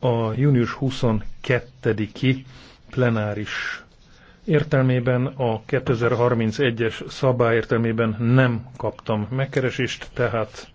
a június 22-i plenáris értelmében a 2031-es szabály értelmében nem kaptam megkeresést, tehát